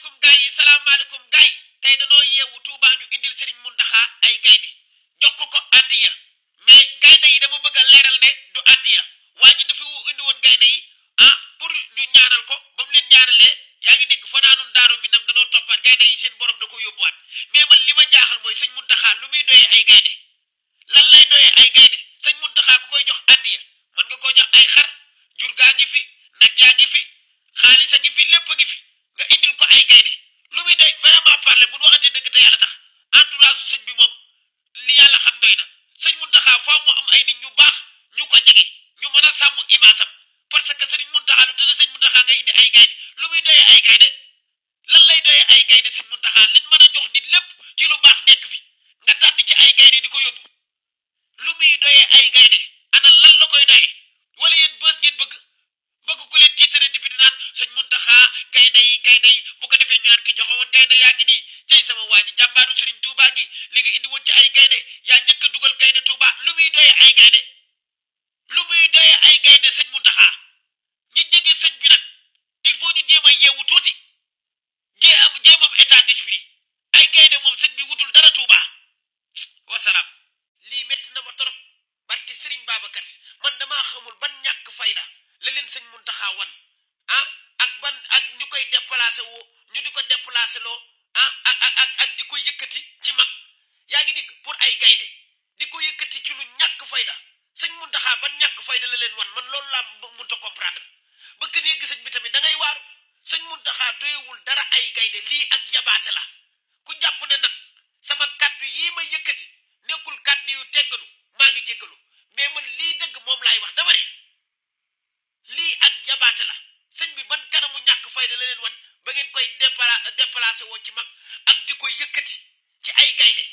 salaamaaleykum gars yi salaamaaleykum gars yi tey danoo yeewu Touba ñu indil Serigne Mountakha ay gaynde jox ko ko addiya mais gaynde yi dama bëgg a leeral ne du addiya waa ji dafa indi woon gaynde yi ah pour ñu ñaanal ko ba mu leen ñaanalee yaa ngi fa fanaanun daaru bi ndam danoo toppaat gaynde yi seen borom da ko yóbbuwaat mais man li ma jaaxal mooy sëñ Mountakha lu muy doyee ay gaynde lan lay doyee ay gaynde sëñ Mountakha ku koy jox addiya mën nga ko jox ay xar sàmm image am parce que sëriñ Muntaxa lu dana sëñ Muntaxa ngay indi lu muy doyee ay gaynde lan lay doyee ay gaynde sëñ Muntaxa leen mën a jox nit lépp ci lu baax nekk fi nga tànn ci ay gaynde di ko yóbbu lu muy doyee ay gaynde ana lan la koy doyee wala yéen bës ngeen bëgg bëgg ku leen tiitare di bi di naan sëñ Muntaxa gaynde yi gaynde yi bu ko defee ñu naan ki joxe woon gaynde yaa ngi nii tey sama waa ji jàmbaaru sëriñ Tuubaa gi li nga indi woon ci ay gaynde yaa njëkk dugal gaynde Tuubaa lu muy doyee ay gaynde doyee ay gaynde sëñ mu taxaa ñu jege sëñ bi nag il faut ñu jéem a yeewu tuuti jée am jéem am état d'esprit ay gaynde moom sëñ bi wutul dara tuubaa wasalaam lii métti na ma torop barke Serigne Babacar man damaa xamul ban ñàkk fayda la leen sëñ mun taxaa wan ah ak ban ak ñu koy déplacé woo Touba dara ay gaynde lii ak jabaate la ku jàpp ne nag sama kàddu yii ma yëkkati nekkul kàddu yu teggalu maa ngi jéggalu mais man lii dëgg moom laay wax dama ne lii ak jabaate la sëñ bi ban kanamu ñàkk fayda la leen wan ba ngeen koy dépla déplacé woo ci mag ak di ko yëkkati ci ay gaynde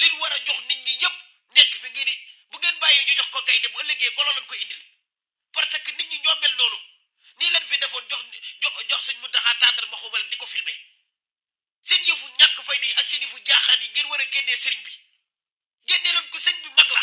liñ war a jox nit ñi ñëpp nekk fi ngi ni bu ngeen bàyyee ñu jox ko gaynde bu ëllëgee golo lañ ko indil parce que nit ñi ñoo mel noonu nii leen fi defoon jox jox jox sëñ Muntaxa tàndar ma xumal di ko filmer seen yëfu ñàkk fayda yi ak seen yëfu jaaxaan yi ngeen war a génnee sëriñ bi génnee leen ko sëriñ bi mag la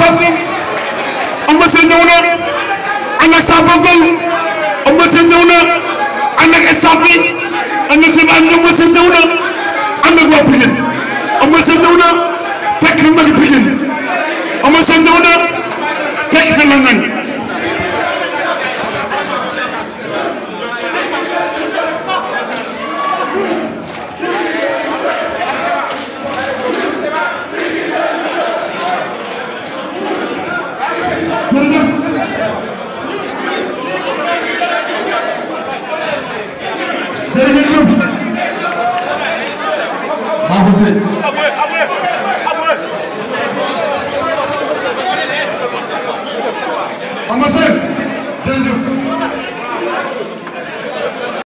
fàttali Eumeu Sène ñëw na ànd ak Safa Goal Eumeu Sène ñëw na ànd ak staff bi ànd ak seen ànd Eumeu Sène ñëw na ànd ak waa Pikine vous plaît. Ambassade